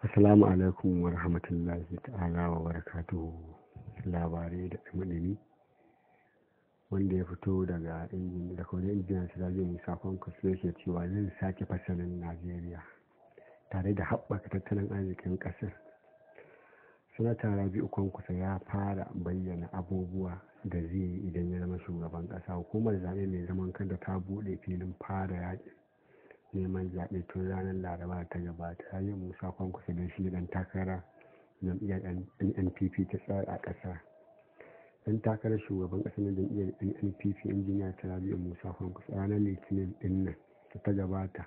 Assalamu alaikum wa rahmatullahi ta'ala wa barakatuhu labarai da tsamanani wanda ya fito daga injin da kodin injiniyar sirajen musa kwankwas yake cewa zan sake fasalin najeriya tare da haɓaka tattalin arzikin ƙasar sanata rabi'u kwankwasa ya fara bayyana abubuwa da zai yi idan ya zama shugaban ƙasa hukumar zaɓe mai zaman kanta ta buɗe filin fara yaƙin neman zaɓe tun ranar laraba ta gabata yin musa kwankwasa don shi dan takara jam'iyyar npp ta tsara a ƙasa dan takarar shugaban ƙasar na jam'iyyar npp injiniya rabi'u musa kwankwasa ranar litinin din nan ta gabata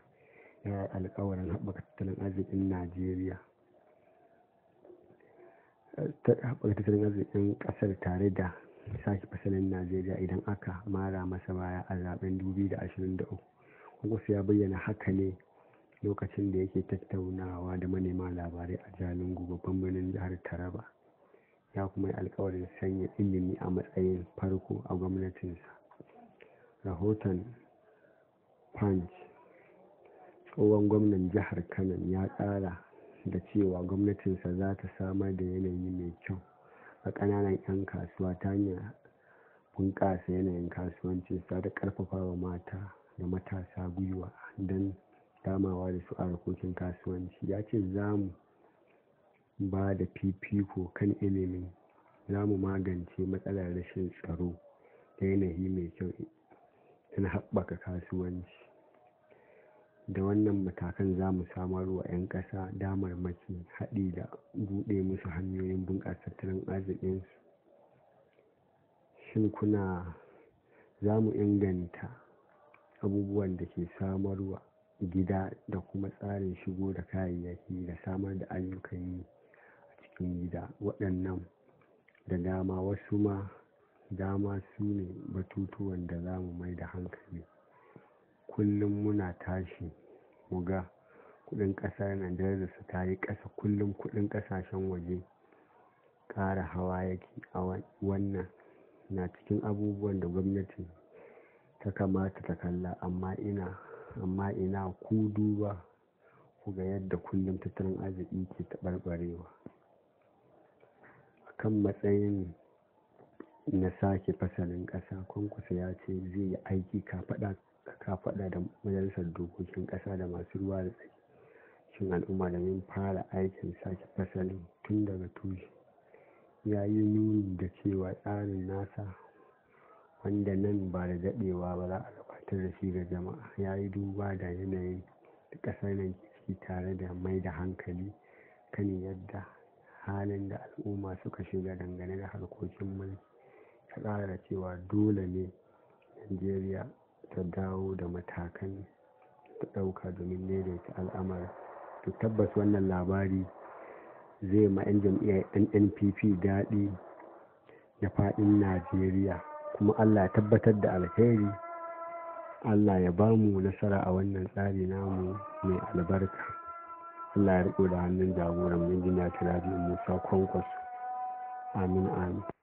ya yi alkawarin haɓaka tattalin arzikin najeriya ta haɓaka tattalin arzikin ƙasar tare da sake fasalin najeriya idan aka mara masa baya a zaben 2023 August ya bayyana haka ne lokacin da yake tattaunawa da manema labarai a Jalingo babban birnin jihar Taraba. Ya kuma yi alkawarin sanya ilimi a matsayin farko a gwamnatinsa. Rahoton Punch Tsohon gwamnan jihar Kano ya ƙara da cewa gwamnatinsa za ta samar da yanayi mai kyau a ƙananan 'yan kasuwa ta hanyar bunƙasa yanayin kasuwanci da wa mata. da matasa gwiwa don damawa da su a harkokin kasuwanci ya ce za mu ba da fifiko kan ilimin za mu magance matsalar rashin tsaro da yanayi mai kyau don haɓaka kasuwanci da wannan matakan za mu samar wa 'yan ƙasa damar maki haɗi da buɗe musu hanyoyin bunƙasa tattalin arzikinsu shin kuna za mu inganta abubuwan da ke samarwa gida da kuma tsarin shigo da kayayyaki da samar da ayyukan yi a cikin gida waɗannan da dama wasu ma dama su ne batutuwan da za mu mai da hankali kullum muna tashi mu ga kudin ƙasar najeriya su ta yi ƙasa kullum kudin ƙasashen waje ƙara hawa yake a wannan na cikin abubuwan da gwamnati ta kamata ta kalla amma ina amma ina ku duba ku ga yadda kullum tattalin arziki ke taɓarɓarewa kan matsayin na sake fasalin ƙasa kwankwasa ya ce zai yi aiki kafaɗa da majalisar dokokin ƙasa da masu ruwa da tsaki shin al'umma da min fara aikin sake fasalin tun daga tushe ya yi nuni da cewa tsarin nasa wanda nan ba da daɗewa ba za a gabatar da shi ga jama'a ya yi duba da yanayin da ƙasar nan ciki tare da mai da hankali kan yadda halin da al'umma suka shiga dangane da harkokin mulki ta ƙara da cewa dole ne najeriya ta dawo da matakan ta ɗauka domin daidaita al'amarin to tabbas wannan labari zai ma 'yan jam'iyyar nnpp daɗi da faɗin najeriya kuma Allah ya tabbatar da alkhairi Allah ya ba mu nasara a wannan tsari namu mai albarka Allah ya riko da hannun jagoran jina ta Musa Kwankwas amin amin